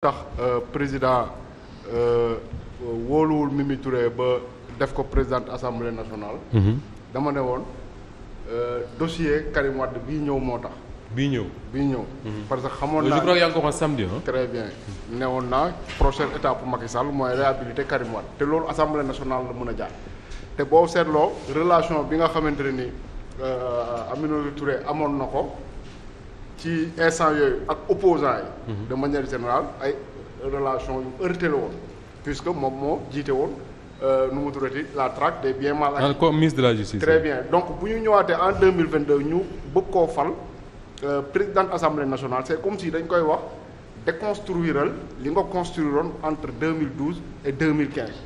tax euh, président euh, wóoluwul Mimi Touré ba def ko présidente assemblée nationale. Mhm. dama ne woon euh, dossier Karim Wade bii ñëw moo tax. bii ñëw bii ñëw. Mhm. parce que xamoon naa je crois yaa très bien ne woon naa prochaine étape Macky Sall mooy réhabiliter Karim Wade te loolu assemblée nationale la mën a jaar te boo seetloo relation bi nga xamante ne ni Aminata Touré amoon na ko. ci instant yooyu ak opposant yi mhm. de manière générale ay relation yu heurté la woon puisque moom moo jiite woon euh, nu mu tuddati la traque des biens mal acquis ah, comme ministre de la justice très bien donc bu ñu ñëwaatee en deux mille vingt deux ñu bëgg koo fal euh, président assemblée nationale c'est comme si dañ koy wax déconstruiral li nga woon entre deux mille douze et deux mille quinze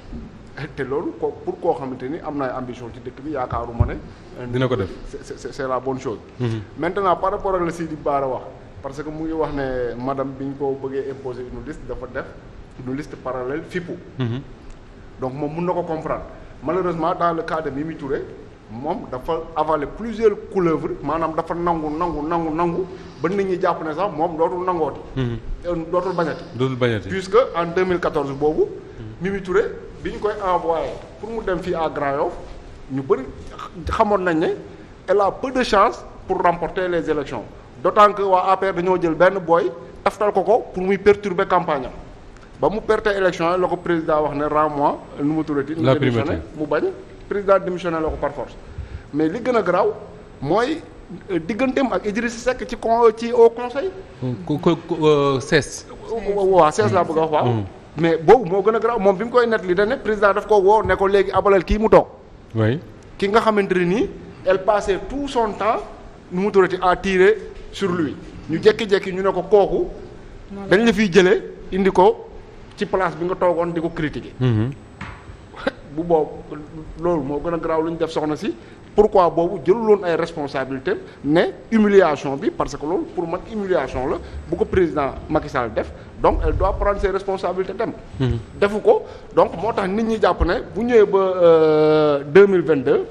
te loolu ko pour koo xamante ni am na ay ambition ci dëkk bi yaakaaruma ne. Euh, dina ko def c'est c'est la bonne chose. Mm-hmm. maintenant par rapport ak la Sidi Bara wax parce que mu ngi wax ne madame bi ñu ko bëggee imposer une liste dafa def une liste parallèle fippu. Mm-hmm. donc moom mun na ko comprendre malheureusement dans le cas de Mimi moom dafa avaler plusieurs couleuvres maanaam dafa nangu nangu nangu nangu ba nit ñi jàpp ne sax moom dootul nangooti. Mm-hmm. Euh, dootul bañati. dootul bañati puisque en 2014 boobu. Mimi Touré. bi ñu koy envoyé pour mu dem fii à Grand Yoff ñu bëri xamoon nañ ne elle la peu de chance pour remporter les élections d'autant que waa APR dañoo jël benn booy taftal ko ko pour muy perturber campagne ba mu perte élection la ko président wax ne rends-moi nu mu tuddati mu démissionné mu bañ président démissionné la ko par mais li gën a garaaw mooy euh, digganteem ak Idriss Seck ci con euh, ci au conseil. CES. waaw CES laa bëgg a wax mais boobu moo gën a garaaw moom bi mu koy net li da ne président daf ko woo ne ko léegi abalal kii mu toog. oui ki nga xamante ne nii elle passait tout son temps nu mu turati à tirer sur lui ñu jékki-jékki ñu ne ko kooku. dañ la fiy jëlee indi ko ci place bi nga toogoon di ko critiquer. Mhm. bu boobu loolu moo gën a garaaw lu ñu def soxna si pourquoi boobu jëluloon ay responsabilité ne humiliation bi parce que loolu pour man humiliation la bu ko président Macky def donc elle doit prendre ses responsabilités dem. Mhm. defu ko donc moo tax nit ñi jàpp ne bu ñëwee ba euh, deux mille vingt deux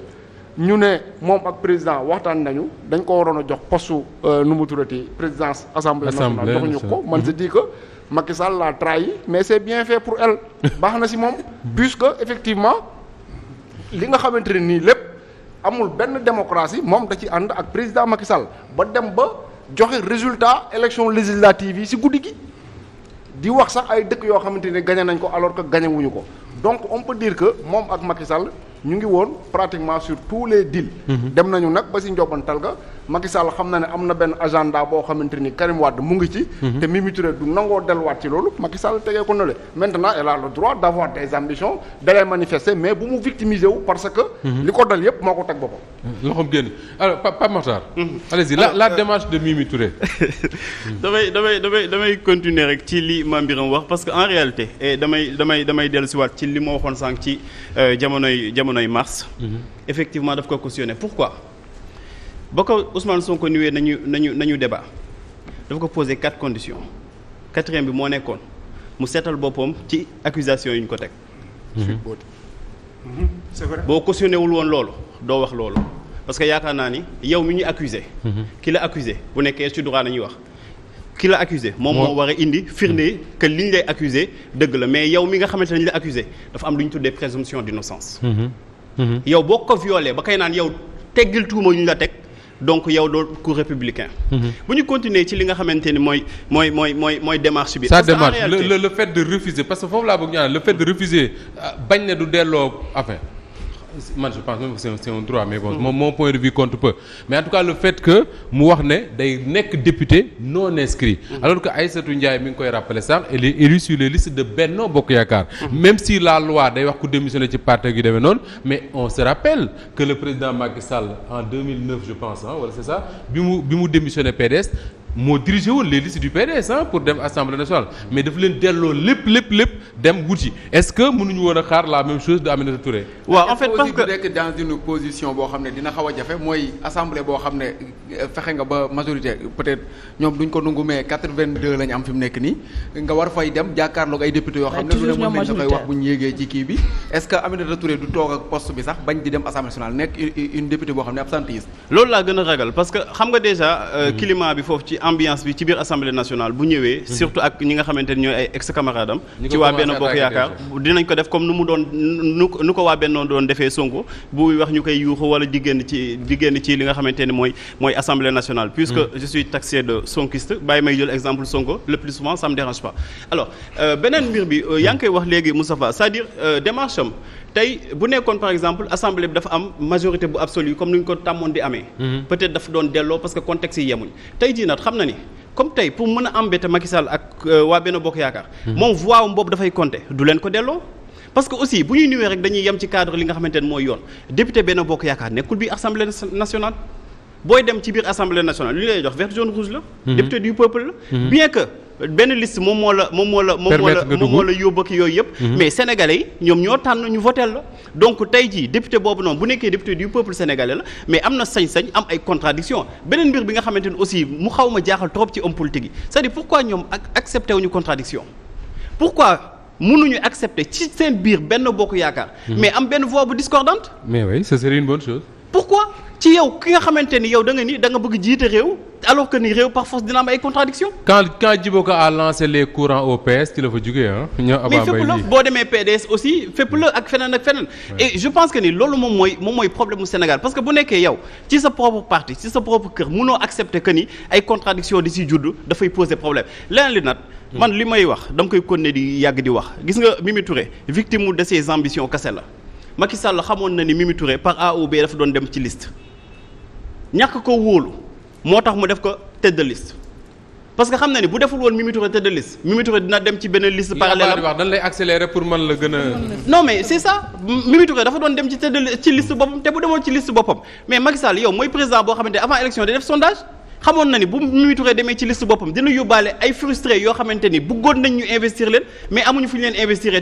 ñu ne moom ak président waxtaan nañu dañ ko waroon a jox postu euh, nu mu tuddati présidence assemblée nationale joxuñu ko man je dis que Macky Sall l'a trahi mais c'est bien fait pour elle baax na si moom puisque effectivement li nga xamante ne nii lépp amul benn démocratie moom da ci ànd ak président Macky Sall ba dem ba joxe résultat élection législative yi si guddi gi di wax sax ay dëkk yoo xamante ne gañe nañ ko alors que gañawuñu ko donc on peut dire que moom ak Macky ñu ngi woon pratiquement sur tous les deals. Mhm. dem nañu nag ba si njobbantal ga Macky Sall xam na ne am na benn agenda boo xamante ni Karim Wade mu ngi ci. Mhm. te Mimi Touré du nangoo delluwaat ci loolu Macky Sall tegee ko nële maintenant elle a le droit d' avoir des ambitions de les manifester mais bu mu victimiser wu parce que. Mhm. li ko dal yëpp moo ko teg boppam. loxoom génn alors Pape Makhtar. allez-y la la euh, démarche de Mimi Touré. damay damay damay damay continuer rek ci li Mame Birame wax parce que en réalité damay damay damay dellusiwaat ci li ma waxoon sànq ci euh, jamonoy jamono. jamonoy mars. Mhm. effectivement daf ko cautionné pourquoi ba ko Ousmane Sonko nuwee nañu nañu nañu débat dafa ko posé quatre conditions quatrième bi moo nekkoon mu seetal boppam ci accusation yi ñu ko teg. Mhm. Mhm. c'est vrai boo cautionné wul woon loolu doo wax loolu parce que yaakaar naa ni yow mi ñu accusé ki la bu nekkee ci droit ñuy wax. ki la accusé moom moo war a indi firnde que li ñu lay accusé dëgg la mais yow mi nga xamante ne la accusé dafa am lu ñu tuddee présomption d'innocence mhm. Mhm. yow boo ko violé ba kay naan yow teggil tuuma ñu la teg donc yow doo ku républicain mhm. bu ñu continuer ci li nga xamante ni mooy mooy mooy mooy démarche bi sa démarche le le fait de refuser parce que foofu laa bëgg ñu naan le fait de refuser euh, bañ ne du delloo affaire man je pense même que c'est un droit mais bon moom mmh. mon point de vue compte peu mais en tout cas le fait que mu wax ne day nekk député non inscrit alors que ay Aïssatou Ndiaye mi ngi koy rappelé sax elle est élue sur les listes de Benno Bokk Yaakaar même si la loi day wax ku démissionné ci parti yu demee noonu mais on se rappelle que le président Macky Sall en 2009 je pense ah voilà, wala c'est ça bi mu bi mu démissionné PDS moo dirigé woon les du PDS ah pour dem assemblée nationale mais dafa leen delloo lépp lépp dem wuti est-ce que mënuñu woon a xaar la même chose de Aminata waaw en fait parce que nekk dans une position boo xam ne dina xaw a jafe mooy assemblée boo xam ne euh, fexe nga ba majorité peut-être ñoom duñ ko nangu mais 82 am fi nekk nii nga war fay dem jàkkaarloog ay député yoo xam ne lu ne mën du toog ak poste bi sax bañ di dem assemblée nationale ambiance bi ci biir assemblée nationale bu ñëwee. Mhm. surtout ak ñi nga xamante ni ñooy ay ex camarade ci waa benn bokk yaakaar dinañ ko def comme nu mu doon nu ko waa benn doon defee Sonko bu wax ñu koy yuuxu wala di ci di ci li nga xamante ni mooy mooy assemblée nationale. puisque mhm. je suis taxé de sonkiste bàyyi may jël exemple Sonko le plus souvent ça me dérange euh, beneen mbir bi euh, yaa ngi koy wax léegi Moustapha c'est-à-dire euh, démarche am tey bu nekkoon par exemple assemblée bi dafa am majorité bu absolue comme ni ñu ko tàmmoon di amee. Mhm. xam na ni comme tey pour mën a embêter Macky Sall ak euh, waa Benno Bokk Yaakaar. Hmm. moom voix am dafay compter du leen ko delloo. parce que aussi bu ñuy nuwee rek dañuy yem ci cadre li nga xamante mooy yoon député Benno Bokk Yaakaar nekkul biir assemblée nationale. booy dem ci biir assemblée nationale li lay jox vert jaune rouge la. Hmm. député du peuple la. Hmm. bien que benn liste moom moo la moom moo la. moom moo la moom yooyu yëpp. mais sénégalais yi ñoom ñoo tànn ñu donc tey jii député boobu noonu bu nekkee député du peuple sénégalais la mais am na sañ-sañ am ay contradiction beneen mbir bi nga xamante ne aussi mu xaw ma jaaxal trop ci homme politique yi c'est-à-dire pourquoi ñoom ak accepté wuñu contradiction pourquoi mënuñu accepte ci seen biir benn bokk yaakaar. Hmm. mais am benn voix bu discordante. mais oui ce serait une bonne chose. pourquoi ci yow ki nga xamante ni yow da nga ni da nga bëgg jiite réew. alors que ni réew par force dina am ay contradiction quand quand Djibo Ka a lancé les courants au PS ci la fa jugee ah. mais fépp la boo demee PDS aussi fépp la ak feneen ak feneen. et je pense que ni loolu moom mooy moom mooy problème Sénégal parce que bu nekkee yow ci sa propre parti ci sa propre kër munoo accepter que ni ay contradiction di si judd dafay poser problème leneen li nag. man li may wax dama koy continuer di yàgg di wax gis nga Mimi Touré victime de ses kese la Macky Sall xamoon na ni Mimi par A ou B dafa doon dem ci liste ñàkk ko wóolu. moo tax mu def ko tête de liste parce que xam na ni bu deful woon Mimi Touré tête de dina dem ci beneen liste parallèle wax dañ lay a mais c'est ça Mimi dafa doon dem ci tête de ci liste boppam te bu demoon ci liste boppam mais Macky Sall yow mooy président boo xamante avant élection day def sondage xamoon na ni bu Mimi Touré demee ci liste boppam dina yóbbaale ay frustré yoo xamante ni bëggoon nañ ñu leen mais amuñu fu ñu leen investir